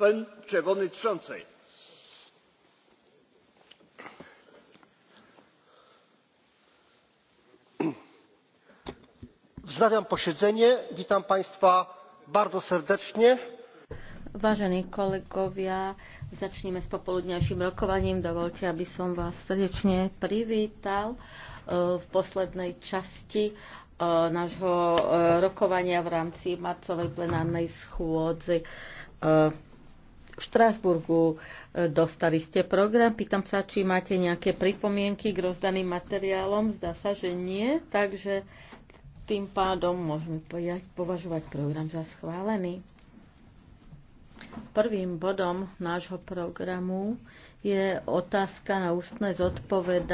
pani przewodnicząca! wznawiam posiedzenie. witam państwa bardzo serdecznie. vážení kolegovia začnime s popoludňajším rokovaním. dovoľte aby som vás srdečne privítal e, v poslednej časti e, nášho e, rokovania v rámci marcovej plenárnej schôdze v Štrásburgu. E, dostali ste program. Pýtam sa, či máte nejaké pripomienky k rozdaným materiálom. Zdá sa, že nie, takže tým pádom môžeme považovať program za schválený. Prvým bodom nášho programu je otázka na ústne zodpovedanie.